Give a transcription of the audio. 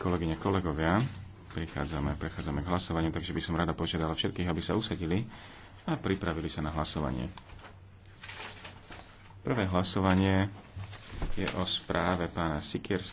Kolegyne, kolegovia, prichádzame, prechádzame k hlasovaniu, takže by som rada požiadala všetkých, aby sa usadili a pripravili sa na hlasovanie. Prvé hlasovanie je o správe pána Sikierského.